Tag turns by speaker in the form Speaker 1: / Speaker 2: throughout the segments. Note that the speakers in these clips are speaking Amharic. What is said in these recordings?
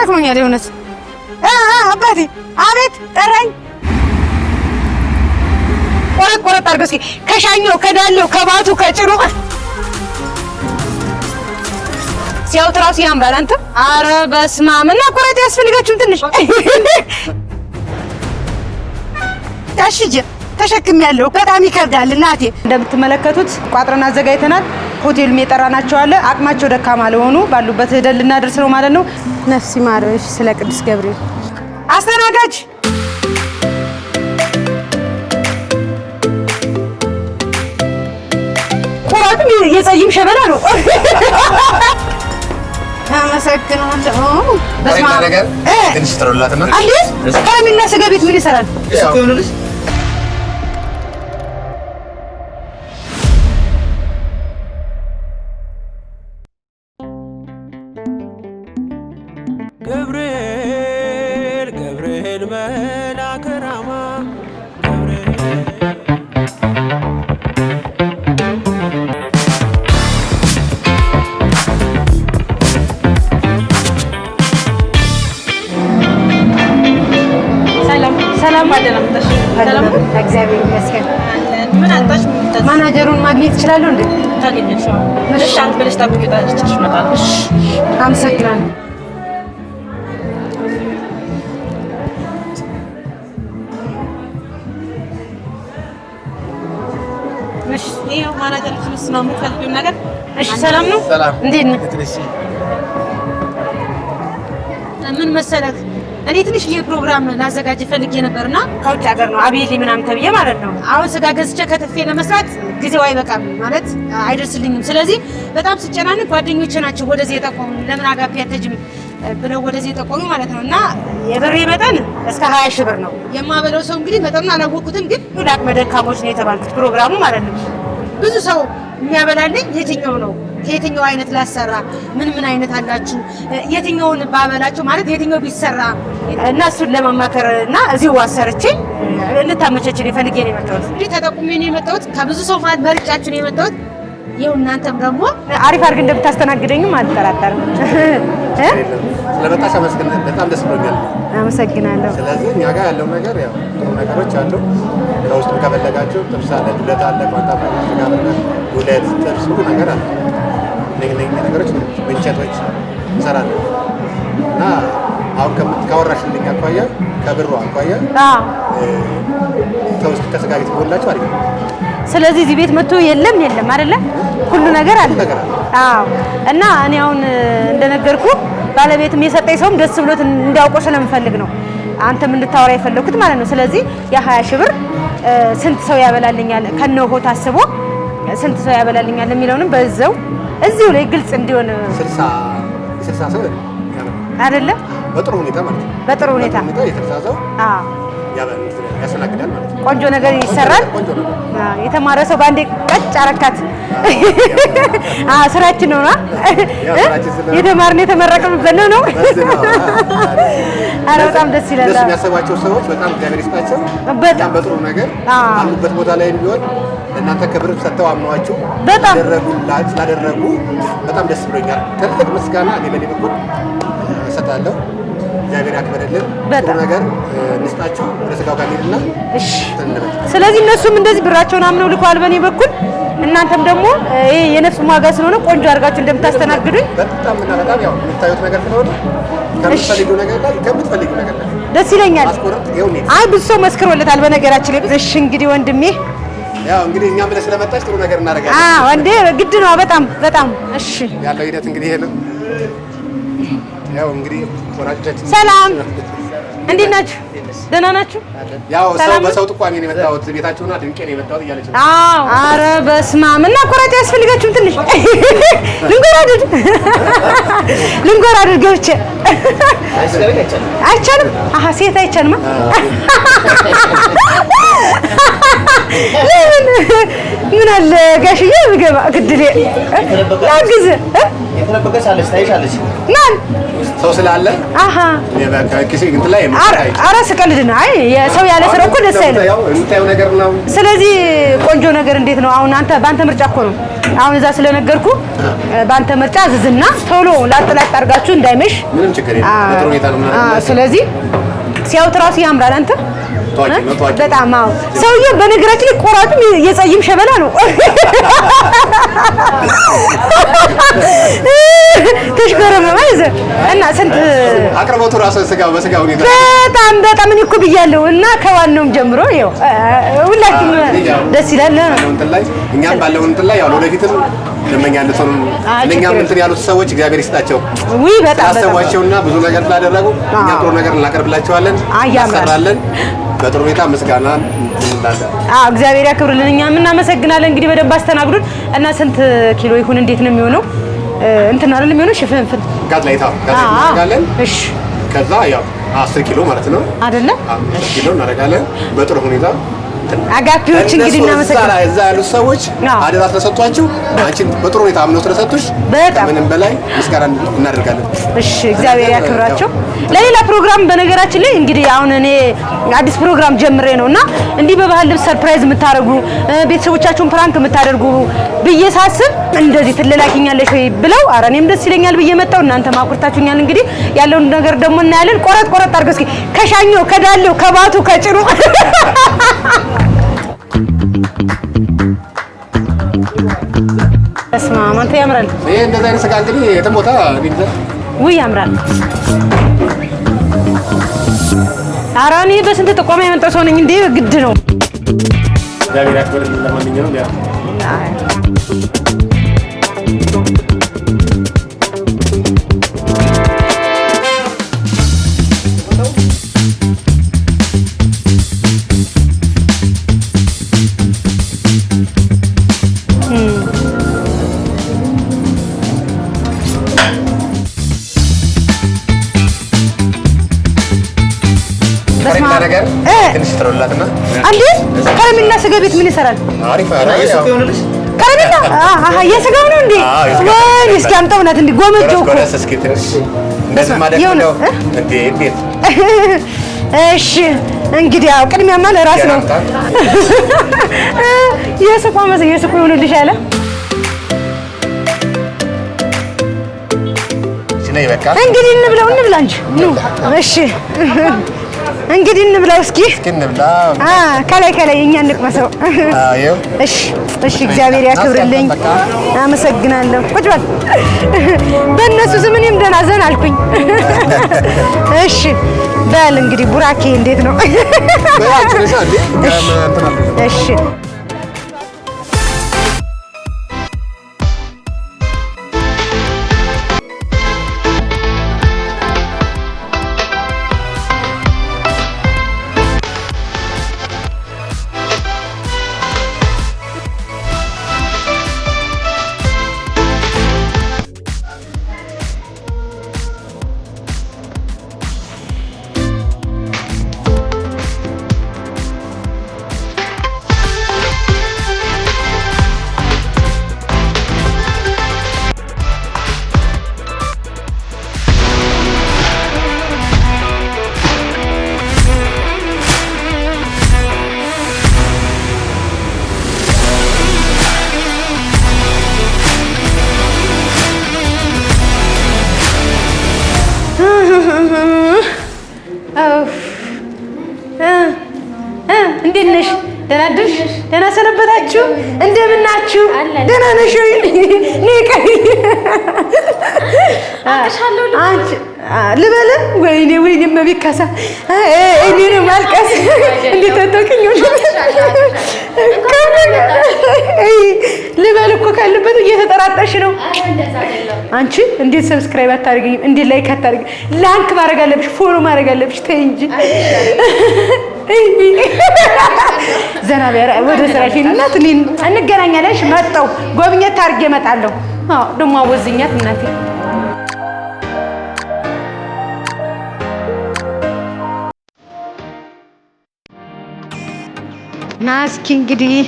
Speaker 1: ደክሞኛል። የእውነት አባቴ። አቤት ጠራኝ። ቆረጥ ቆረጥ አድርገው እስኪ ከሻኛው ከዳለው ከባቱ ከጭሩ ሲያውት ራሱ ያምራል። አንተ አረ በስመ አብ! እና ቆረጥ ያስፈልጋችሁም ትንሽ እሺ ተሸክም ያለው በጣም ይከብዳል እናቴ። እንደምትመለከቱት ቋጥረን አዘጋጅተናል። ሆቴሉም የጠራናቸው አለ። አቅማቸው ደካማ ለሆኑ ባሉበት ሄደን ልናደርስ ነው ማለት ነው። ነፍሲ ማረሽ። ስለ ቅዱስ ገብርኤል አስተናጋጅ ቁራቱም የጸይም ሸበላ ነው። አመሰግናለሁ።
Speaker 2: በስመ አብ። ትንሽ ጥሩላት ነው።
Speaker 1: ቀለሚና ስጋ ቤት ምን ይሰራል? ሰላም አለን። አምጣሽ
Speaker 3: እግዚአብሔር ይመስገን።
Speaker 1: ምን አጣሽ? ማናጀሩን ማግኘት ይችላል እንዴ? ታገኘሽ? እሺ፣ አንተ ብለሽ ታብቂታለሽ። እሺ፣ አመሰግናለሁ። ሰላም ነው። እንዴት ነህ? ምን መሰለህ እኔ ትንሽ ይሄ ፕሮግራም ላዘጋጅ ፈልጌ ነበርና ከውጭ ሀገር ነው አብይ ምናምን ተብዬ ማለት ነው። አሁን ስጋ ገዝቼ ከትፌ ለመስራት ጊዜው አይበቃም ማለት አይደርስልኝም። ስለዚህ በጣም ስጨናንቅ ጓደኞች ናቸው ወደዚህ የጠቆሙ ለምን አጋፔ አትሄጂም ብለው ወደዚህ የጠቆሙ ማለት ነው። እና የብሬ መጠን እስከ ሀያ ሺህ ብር ነው የማበለው። ሰው እንግዲህ መጠኑን አላወቁትም፣ ግን ለአቅመ ደካሞች ነው የተባልኩት ፕሮግራሙ ማለት ነው። ብዙ ሰው የሚያበላልኝ የትኛው ነው? ከየትኛው አይነት ላሰራ፣ ምን ምን አይነት አላችሁ፣ የትኛውን ባበላቸው ማለት የትኛው ቢሰራ እና እሱን ለማማከር እና እዚሁ አሰርቼ እንታመቸችን የፈልጌ ነው የመጣሁት። እንዲህ ተጠቁሜ ነው የመጣሁት። ከብዙ ሰው ማለት መርጫችሁ ነው የመጣሁት። ይኸው እናንተም ደግሞ አሪፍ አድርገን እንደምታስተናግደኝም አልጠራጠርም።
Speaker 2: ስለመጣሽ አመስግን። በጣም ደስ ብሎኛል።
Speaker 1: አመሰግናለሁ።
Speaker 2: ስለዚህ እኛ ጋር ያለው ነገር ያው ጥሩ ነገሮች አሉ። ከውስጥ ከፈለጋችሁ ጥብስ አለ፣ ዱለት አለ፣ ቋንጣ ጋር ሁለት ጥብስ ነገር አለ። ነገሮች እንጨቶች እንሰራለን እና አሁን ካወራሽልኝ አኳያ ከብሩ አኳያ ተውስጥ ተዘጋጅት ቦላችሁ አለ።
Speaker 1: ስለዚህ እዚህ ቤት መጥቶ የለም የለም አይደለ ሁሉ ነገር አለ። አዎ እና እኔ አሁን እንደነገርኩ ባለቤትም የሰጠኝ ሰውም ደስ ብሎት እንዲያውቀው ስለምፈልግ ነው አንተም እንድታወራ የፈለኩት ማለት ነው። ስለዚህ የሀያ ሺህ ብር ስንት ሰው ያበላልኛል ከነሆ ታስቦ ስንት ሰው ያበላልኛል የሚለውንም በዛው እዚሁ ላይ ግልጽ እንዲሆን
Speaker 2: ስልሳ ሰው አይደለም፣ በጥሩ ሁኔታ ማለት ነው። በጥሩ ሁኔታ የስልሳ ሰው ያስተናግዳል ማለት ነው።
Speaker 1: ቆንጆ ነገር ይሰራል። የተማረ ሰው በአንዴ ቀጭ አረካት። ስራችን ነውና የተማርን የተመረቅንበት ነው ነው። ኧረ በጣም ደስ ይላል።
Speaker 2: የሚያሰባቸው ሰዎች በጣም እግዚአብሔር ይስጣቸው። በጣም በጥሩ ነገር አሉበት ቦታ ላይ ቢሆን እናንተ ክብር ሰጥተው አምኗችሁ በጣም ስላደረጉ በጣም ደስ ብሎኛል። ትልቅ ምስጋና እኔ በእኔ በኩል እሰጣለሁ። እግዚአብሔር ያክብርልን። ጥሩ ነገር እንስጣችሁ። ወደ ስጋው ጋር እንሂድና
Speaker 1: ስለዚህ እነሱም እንደዚህ ብራቸውን አምነው ልኳል በእኔ በኩል እናንተም ደግሞ ይሄ የነፍስ ዋጋ ስለሆነ ቆንጆ አድርጋችሁ እንደምታስተናግዱኝ
Speaker 2: በጣም እና በጣም ያው የምታዩት ነገር ስለሆነ ከምትፈልጊው ነገር ላይ ከምትፈልጊው ነገር ላይ
Speaker 1: ደስ ይለኛል። አይ ብዙ ሰው መስክሮለታል በነገራችን ላይ። እሺ እንግዲህ ወንድሜ
Speaker 2: ያው እንግዲህ እኛም ብለህ ስለመጣች ጥሩ ነገር እናደርጋለን።
Speaker 1: አዎ እንዴ ግድ ነው። በጣም በጣም እሺ።
Speaker 2: ያለው ሂደት እንግዲህ ይሄ ነው። ያው እንግዲህ ወራጆቻችን
Speaker 1: ሰላም፣ እንዴት ናችሁ? ደህና ናችሁ?
Speaker 2: ያው ሰው በሰው ጥቋሚ ነው የመጣሁት ቤታችሁና ድንቄ ነው የመጣሁት እያለች
Speaker 1: ነው። አዎ ኧረ በስመ አብ። እና ቆራጭ ያስፈልጋችሁም ትንሽ ልንጎራደድ ልንጎራደድ ገብቼ አይቻልም። አሀ ሴት አይቻልም ሽዬ ልገባ ግድል ላግዝ ማን ሰው ስላለ ኧረ ስቀልድ ነው። አይ ሰው ያለ ስራ እኮ ደስ
Speaker 2: አይልም።
Speaker 1: ስለዚህ ቆንጆ ነገር እንዴት ነው አሁን? አንተ በአንተ ምርጫ እኮ ነው አሁን እዛ ስለነገርኩ በአንተ ምርጫ ዝዝና ቶሎ ላጥ ላጥ አድርጋችሁ እንዳይመሽ። ስለዚህ ሲያዩት እራሱ ያምራል አንተ በጣም አዎ። ሰውዬው በነገራችን ላይ ቆራጡም የጸይም ሸበላ ነው። ተሽከረመ ማለት እና ስንት
Speaker 2: አቅርቦቱ ራሱ ስጋው በስጋው ሁኔታ
Speaker 1: በጣም በጣም እኔ እኮ ብያለሁ። እና ከዋናውም ጀምሮ ያው ሁላችሁም ደስ ይላል።
Speaker 2: እኛም ባለው እንትን ላይ ያው ወደፊትም ደመኛ እንድትሆኑ እኛም እንትን ያሉት ሰዎች እግዚአብሔር ይስጣቸው። ውይ በጣም ስላሰቧቸውና ብዙ ነገር ስላደረጉ እኛ ጥሩ ነገር እናቀርብላቸዋለን፣
Speaker 1: እናሰራለን
Speaker 2: በጥሩ ሁኔታ ምስጋና
Speaker 1: እንላለን። አዎ እግዚአብሔር ያክብርልን። እኛም እናመሰግናለን። እንግዲህ በደንብ አስተናግዱን እና ስንት ኪሎ ይሁን እንዴት ነው የሚሆነው? እንትን አይደል የሚሆነው ሽፍንፍን
Speaker 2: ጋዝላይታ ጋዝላይታ። እሺ ከዛ ያው 10 ኪሎ ማለት ነው አይደለ? 10 ኪሎ እናደርጋለን በጥሩ ሁኔታ
Speaker 1: እንትን እንግዲህ
Speaker 2: እናመሰግናለን። እዛ ያሉት ሰዎች አደራ ስለሰጧችሁ አንቺን በጥሩ ሁኔታ አምነው ስለሰጡሽ ምንም በላይ ምስጋና እናደርጋለን።
Speaker 1: እሺ፣ እግዚአብሔር ያክብራቸው። ለሌላ ፕሮግራም በነገራችን ላይ እንግዲህ አሁን እኔ አዲስ ፕሮግራም ጀምሬ ነው እና እንዲህ በባህል ልብስ ሰርፕራይዝ የምታደርጉ ቤተሰቦቻችሁን ፕራንክ የምታደርጉ ብዬ ሳስብ እንደዚህ ትለላኪኛለሽ ወይ ብለው አረ እኔም ደስ ይለኛል ብዬ መጣው እናንተ ማኩርታችሁኛል። እንግዲህ ያለውን ነገር ደግሞ እናያለን። ቆረጥ ቆረጥ አድርገው እስኪ ከሻኘው ከዳለው ከባቱ ከጭኑ አንተ ያምራል።
Speaker 2: ይሄ እንደዛ አይነት ስጋ እንግዲህ የትም ቦታ ቢግዛት
Speaker 1: ውይ ያምራል። ኧረ እኔ በስንት ጥቆማ የመጣ ሰው ነኝ እንዴ! ግድ ነው
Speaker 2: ለማንኛውም ያ ላክና
Speaker 1: አንዴ ከረሜላ ስጋ ቤት ምን ይሰራል? ከረሜላ የስጋው ነው እንዴ? ወይ እስኪ አምጣው ናት እንዴ ጎመጀው እሺ እንግዲህ ያው ቅድሚያማ ለራስ ነው። የሱቁ መስ የሱቁ ይሆንልሽ አለ እንግዲህ እንብለው እንብላ እንጂ እሺ እንግዲህ እንብላው እስኪ ከላይ ከላይ እኛ እንቅመሰው። እሺ እሺ፣ እግዚአብሔር ያክብርልኝ። አመሰግናለሁ። ቁጭ በል። በእነሱ ስም እኔም ደህና ዘን አልኩኝ። እሺ በል እንግዲህ ቡራኬ እንዴት ነው? እሺ ደህና ሰነበታችሁ፣ እንደምናችሁ፣ ደህና ነሽ ወይ? ልበለ ወይኔ ወይኔ፣ እመቤት ካሳ እኔ ነው ማልቀስ። እንዴት ታውቂኝ? ልበል እኮ ካለበት እየተጠራጠርሽ ነው አንቺ። እንዴት ሰብስክራይብ አታደርጊኝም? እንዴት ላይክ አታደርጊኝም? ላንክ ማድረግ አለብሽ፣ ፎሎ ማድረግ አለብሽ። ተይ እንጂ ዘና ወደ ስራሽ እናት እንገናኛለን። መጣሁ ጎብኘት ታርጌ እመጣለሁ። ደግሞ አወዝኛት እናቴ ናስኪ እንግዲህ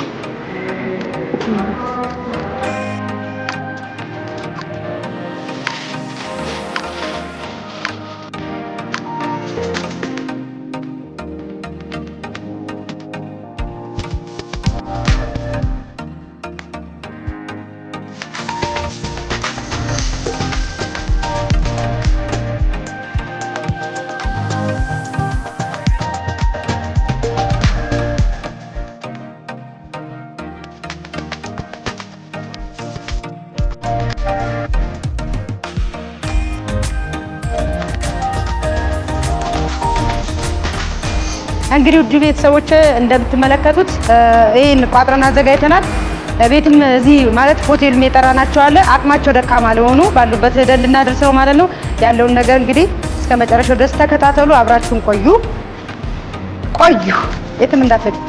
Speaker 1: እንግዲህ ውድ ቤተሰቦች እንደምትመለከቱት ይህን ቋጥረን አዘጋጅተናል። ቤትም እዚህ ማለት ሆቴል የጠራናቸው አለ አቅማቸው ደካማ ለሆኑ ባሉበት ሄደን ልናደርስ ማለት ነው። ያለውን ነገር እንግዲህ እስከ መጨረሻው ድረስ ተከታተሉ፣ አብራችሁን ቆዩ ቆዩ፣ የትም እንዳትሄዱ።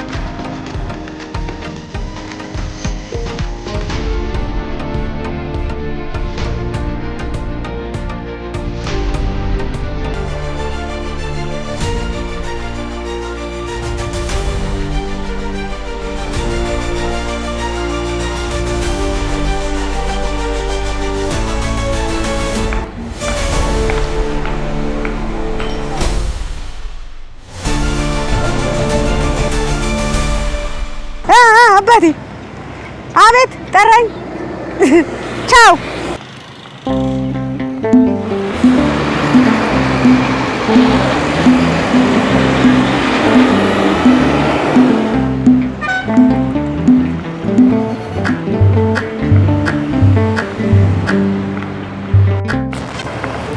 Speaker 1: Tchau!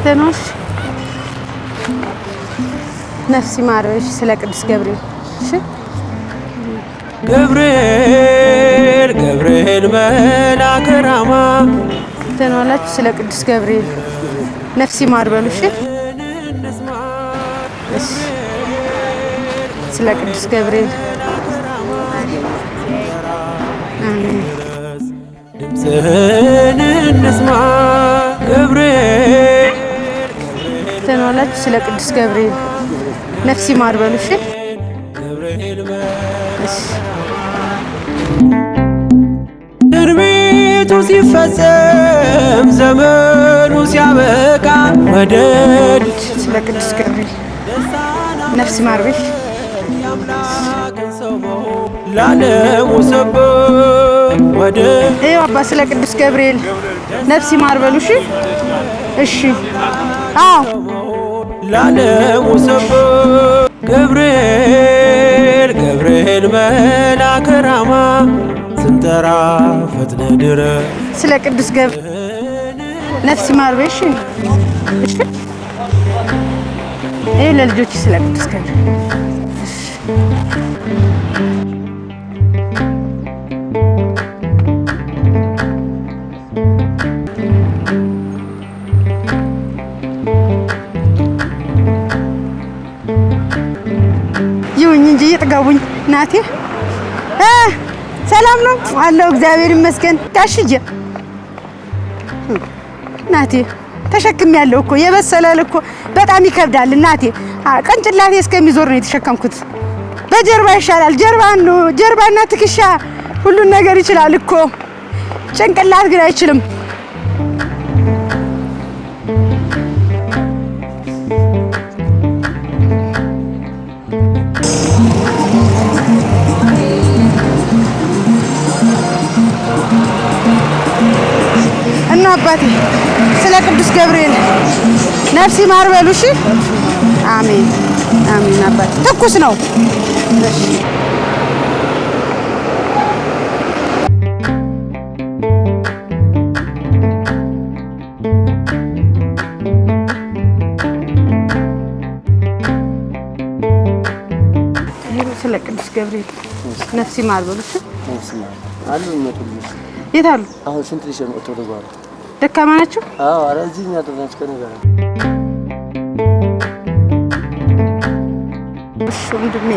Speaker 1: ተኖች ነፍስ ይማርሽ። ስለ ቅዱስ ገብርኤል እሺ ገብርኤል ድል መልአከ ራማ ተናላችሁ ስለ ቅዱስ ገብርኤል ነፍሲ ማርበሉ እሺ ስለ ቅዱስ ገብርኤል ድምፅህን እንስማ ገብርኤል ስለ ቅዱስ ገብርኤል እሺ ትንቢቱ ሲፈጸም ዘመኑ ሲያበቃ ወደ ስለ ቅዱስ ገብርኤል ነፍስ ማርቤል ላለሙ ሰበብ ወደ ይኸው አባ ስለ ቅዱስ ገብርኤል ነፍስ ማርበሉ እሺ፣ እሺ፣ አዎ ላለሙ ሰበብ ገብርኤል ገብርኤል መላከ ራማ ስጠራ ፈጥነ ድረ ስለ ቅዱስ ገብ ነፍስ ማርቤሽ ይህ ለልጆች ስለ ቅዱስ ገብ ይሁኝ እንጂ እየጠጋቡኝ ናቴ ሰላም ነው አለው። እግዚአብሔር ይመስገን። ጋሽዬ እናቴ ተሸክም ያለው እኮ የበሰላል እኮ በጣም ይከብዳል እናቴ። ቅንጭላቴ እስከሚዞር ነው የተሸከምኩት። በጀርባ ይሻላል። ጀርባ ነው ጀርባና ትከሻ ሁሉን ነገር ይችላል እኮ ጭንቅላት ግን አይችልም። አባቴ ስለ ቅዱስ ገብርኤል ነፍሲ ይማር እሺ፣ አሜን አሜን። አባቴ ትኩስ ነው። እሺ ስለ ቅዱስ ገብርኤል ነፍስ ይማር እሺ፣ አሉ የት አሉ?
Speaker 2: አሁን ስንት ልጅ ነው?
Speaker 1: ደካማ ናችሁ?
Speaker 2: አዎ። ኧረ እዚህኛ
Speaker 1: እሺ ወንድሜ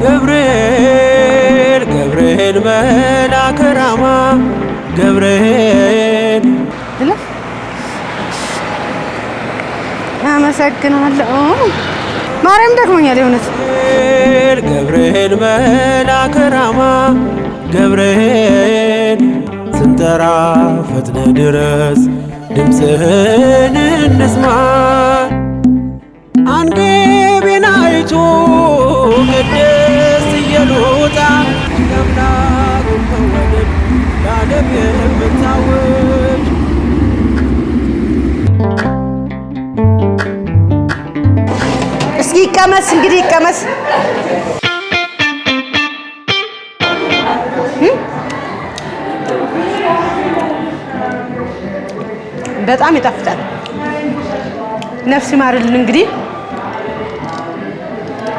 Speaker 1: ገብርኤል ገብርኤል መልአከ ራማ ገብርኤል አመሰግናለሁ። ማርያም ደክሞኛል የእውነት ገብርኤል መልአከ ራማ ገብርኤል ስንጠራ ፈጥነ ድረስ ድምፅህን እንስማ አንግብ የናይቱ ቅድስት ኢየሉጣ ለአምላክ መወደድ ለዓለም የምታውጅ እስኪ ይቀመስ እንግዲህ ይቀመስ። በጣም ይጣፍጣል። ነፍስ ይማርልን። እንግዲህ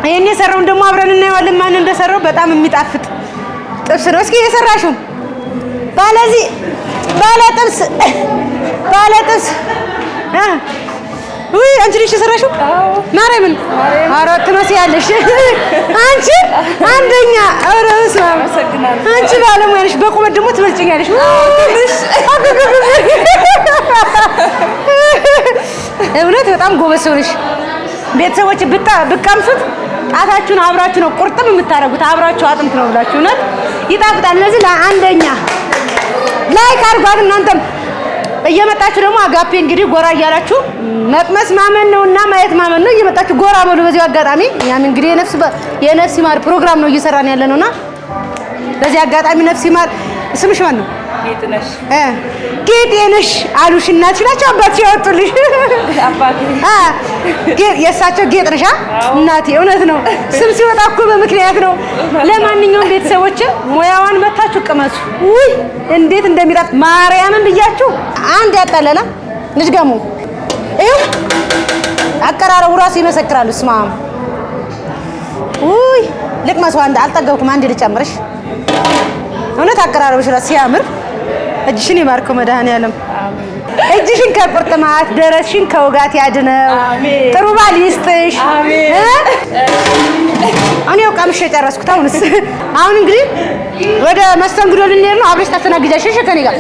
Speaker 1: ይሄን የሰራውን ደግሞ አብረን እናየዋለን ማን እንደሰራው። በጣም የሚጣፍጥ ጥብስ ነው። እስኪ የሰራሽው ባለዚህ ባለ ጥብስ ባለ ጥብስ ውይ አንቺ ልጅ የሰራሽው ማርያምን አራት ትመስያለሽ አንቺ አንደኛ። ኧረ በስመ አንቺ ባለሙያ ነሽ። በቁመት ደግሞ ትበልጭኛለሽ። እውነት በጣም ጎበዝ ሰው ነሽ። ቤተሰቦች ብቀምሱት ጣታችሁን አብራችሁ ነው ቁርጥም የምታደርጉት፣ አብራችሁ አጥንት ነው ብላችሁ እውነት ይጣፍጣል። እነዚህ ለአንደኛ ላይክ አድርጓት እናንተም እየመጣችሁ ደግሞ አጋፔ እንግዲህ ጎራ እያላችሁ መቅመስ ማመን ነው እና ማየት ማመን ነው። እየመጣችሁ ጎራ በሉ። በዚህ አጋጣሚ እኛም እንግዲህ የነፍስ የነፍስ ይማር ፕሮግራም ነው እየሰራን ያለ ነውና በዚህ አጋጣሚ ነፍስ ይማር። ስምሽ ማን ነው? እ ጌጤንሽ አሉሽ እናትሽ ናቸው አባት ያወጡልሽ። የእሳቸው ጌጥ ነሽ እናቴ። እውነት ነው። ስም ሲወጣ እኮ በምክንያት ነው። ለማንኛውም ቤተሰቦች ሙያዋን መታችሁ ቅመሱ። ውይ እንዴት እንደሚጣፍ ማርያምን ብያችሁ። አንድ ያጠለላ ልጅ ገሙ ይኸው አቀራረቡ ራሱ ይመሰክራሉ። ስማ ውይ ልቅመስ። አንድ አልጠገብኩም። አንድ ልጨምርሽ። እውነት አቀራረብሽ ራሱ ሲያምር እጅሽን ይባርከው መድኃኔዓለም። እጅሽን ከቁርጥማት ደረስሽን ከውጋት ያድነው። ጥሩ ባል ይስጥሽ። እኔ ያው ቀምሼ የጨረስኩት አሁንስ አሁን እንግዲህ ወደ መስተንግዶ ልንሄድ ነው። አብረሽ ታስተናግጃለሽ ከኔ ጋር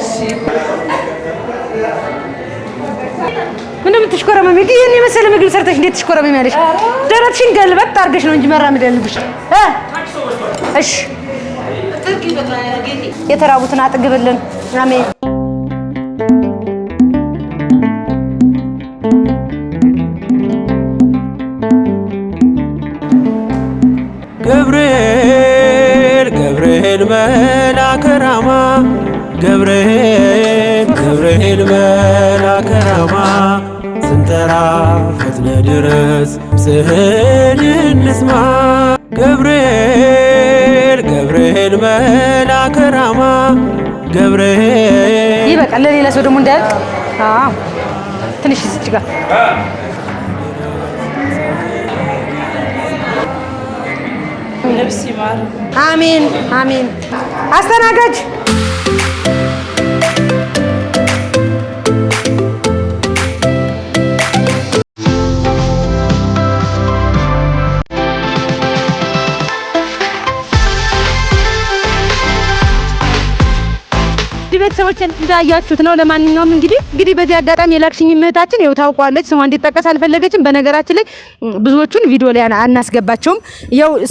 Speaker 1: ምንም ትሽኮረመሚ ግን ይሄን የመሰለ ምግብ ሰርተሽ እንዴት ትሽኮረመሚ ያለሽ? ደረትሽን ገልበጥ አድርገሽ ነው እንጂ መራመድ ያለብሽ። እሺ የተራቡትን አጥግብልን። አሜን። ገብርኤል ገብርኤል መልአከ ራማ ገብርኤል ገብርኤል መልአከ ራማ ስንጠራ ፈጥነ ድረስ ስህን እንስማ ገብርኤል ገብርኤል መልአከ ራማ ገብርኤል ይበቃል። ለሌላ ሰው ደግሞ እንዳያልቅ ትንሽ እዚች ጋር አሜን አሜን አስተናጋጅ ቤተሰቦች እንዳያችሁት ነው። ለማንኛውም እንግዲህ እንግዲህ በዚህ አጋጣሚ የላክሽኝ እህታችን ይኸው ታውቋለች። ስሟ እንዲጠቀስ አልፈለገችም። በነገራችን ላይ ብዙዎቹን ቪዲዮ ላይ አናስገባቸውም።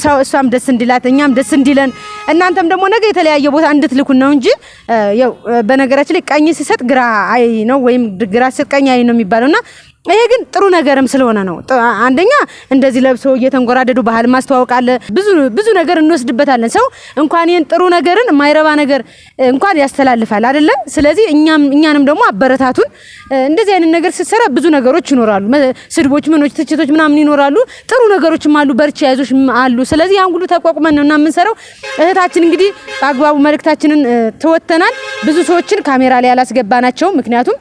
Speaker 1: ሰው እሷም ደስ እንዲላት እኛም ደስ እንዲለን እናንተም ደግሞ ነገ የተለያየ ቦታ እንድትልኩን ነው እንጂ ይኸው በነገራችን ላይ ቀኝ ሲሰጥ ግራ አይ ነው ወይም ግራ ሲሰጥ ቀኝ አይ ነው የሚባለውና ይሄ ግን ጥሩ ነገርም ስለሆነ ነው። አንደኛ እንደዚህ ለብሶ እየተንጎራደዱ ባህል ማስተዋወቅ አለ። ብዙ ብዙ ነገር እንወስድበታለን። ሰው እንኳን ይሄን ጥሩ ነገርን የማይረባ ነገር እንኳን ያስተላልፋል አይደለም። ስለዚህ እኛም እኛንም ደግሞ አበረታቱን። እንደዚህ አይነት ነገር ስትሰራ ብዙ ነገሮች ይኖራሉ። ስድቦች፣ ምኖች፣ ትችቶች ምናምን ይኖራሉ። ጥሩ ነገሮችም አሉ። በርቺ፣ አይዞሽ አሉ። ስለዚህ ያን ሁሉ ተቋቁመን ነው እና የምንሰራው። እህታችን እንግዲህ በአግባቡ መልእክታችንን ትወተናል። ብዙ ሰዎችን ካሜራ ላይ ያላስገባናቸው ምክንያቱም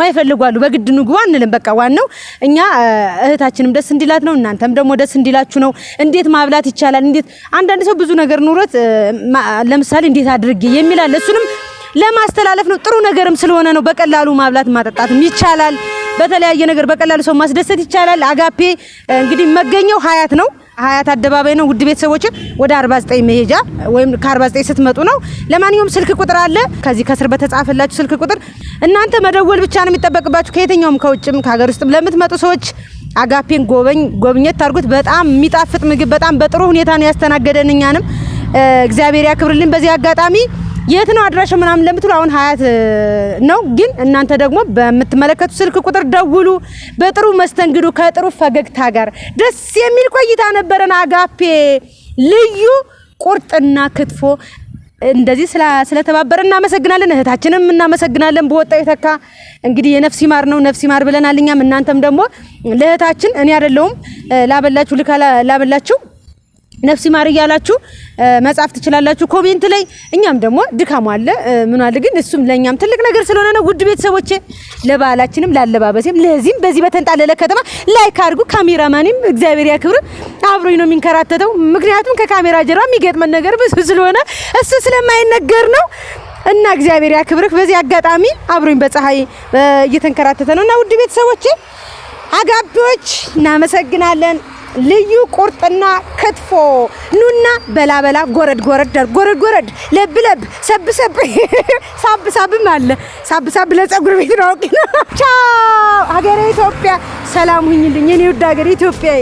Speaker 1: ማይፈልጓሉ በግድ ንጉ አንልም። በቃ ዋናው እኛ እህታችንም ደስ እንዲላት ነው፣ እናንተም ደግሞ ደስ እንዲላችሁ ነው። እንዴት ማብላት ይቻላል? እንዴት አንዳንድ ሰው ብዙ ነገር ኑሮት ለምሳሌ እንዴት አድርጌ የሚል አለ። እሱንም ለማስተላለፍ ነው። ጥሩ ነገርም ስለሆነ ነው። በቀላሉ ማብላት ማጠጣትም ይቻላል። በተለያየ ነገር በቀላሉ ሰው ማስደሰት ይቻላል። አጋፔ እንግዲህ መገኘው ሀያት ነው። ሀያት አደባባይ ነው። ውድ ቤተሰቦች ወደ 49 መሄጃ ወይም ከ49 ስትመጡ ነው። ለማንኛውም ስልክ ቁጥር አለ ከዚህ ከስር በተጻፈላችሁ ስልክ ቁጥር እናንተ መደወል ብቻ ነው የሚጠበቅባችሁ። ከየትኛውም ከውጭም ከሀገር ውስጥም ለምትመጡ ሰዎች አጋፔን ጎበኝ ጎብኘት ታርጉት። በጣም የሚጣፍጥ ምግብ፣ በጣም በጥሩ ሁኔታ ነው ያስተናገደን እኛንም እግዚአብሔር ያክብርልን። በዚህ አጋጣሚ የት ነው አድራሻው ምናምን ለምትሉ አሁን ሀያት ነው፣ ግን እናንተ ደግሞ በምትመለከቱ ስልክ ቁጥር ደውሉ። በጥሩ መስተንግዶ ከጥሩ ፈገግታ ጋር ደስ የሚል ቆይታ ነበረን። አጋፔ ልዩ ቁርጥና ክትፎ እንደዚህ ስለተባበረ እናመሰግናለን። እህታችንም እናመሰግናለን። በወጣ የተካ እንግዲህ የነፍስ ይማር ነው ነፍስ ይማር ብለናል። እኛም እናንተም ደግሞ ለእህታችን እኔ አይደለሁም ላበላችሁ ልካ ላበላችሁ ነፍስ ይማር እያላችሁ መጻፍ ትችላላችሁ ኮሜንት ላይ። እኛም ደግሞ ድካሙ አለ ምን አለ ግን እሱም ለእኛም ትልቅ ነገር ስለሆነ ነው። ውድ ቤተሰቦቼ ለባህላችንም ላለባበሴም ለዚህም በዚህ በተንጣለለ ከተማ ላይክ አድርጉ። ካሜራማንም እግዚአብሔር ያክብር አብሮኝ ነው የሚንከራተተው። ምክንያቱም ከካሜራ ጀርባ የሚገጥመን ነገር ብዙ ስለሆነ እሱ ስለማይነገር ነው እና እግዚአብሔር ያክብርህ። በዚህ አጋጣሚ አብሮኝ በፀሐይ እየተንከራተተ ነው እና ውድ ቤተሰቦቼ አጋቢዎች እናመሰግናለን። ልዩ ቁርጥና ክትፎ ኑና በላ በላ ጎረድ ጎረድ ደር ጎረድ ጎረድ ለብ ለብ ሰብ ሰብ ሳብ ሳብም አለ ሳብ ሳብ ለጸጉር ቤት ነው። አውቂ ቻው ሀገሬ ኢትዮጵያ፣ ሰላም ሁኝልኝ የኔ ውድ ሀገሬ ኢትዮጵያ።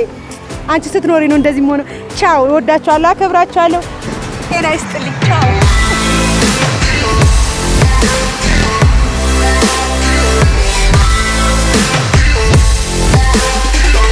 Speaker 1: አንቺ ስትኖሪ ነው እንደዚህ ሆነ። ቻው፣ እወዳችኋለሁ፣ አከብራችኋለሁ። ጤና ይስጥልኝ። ቻው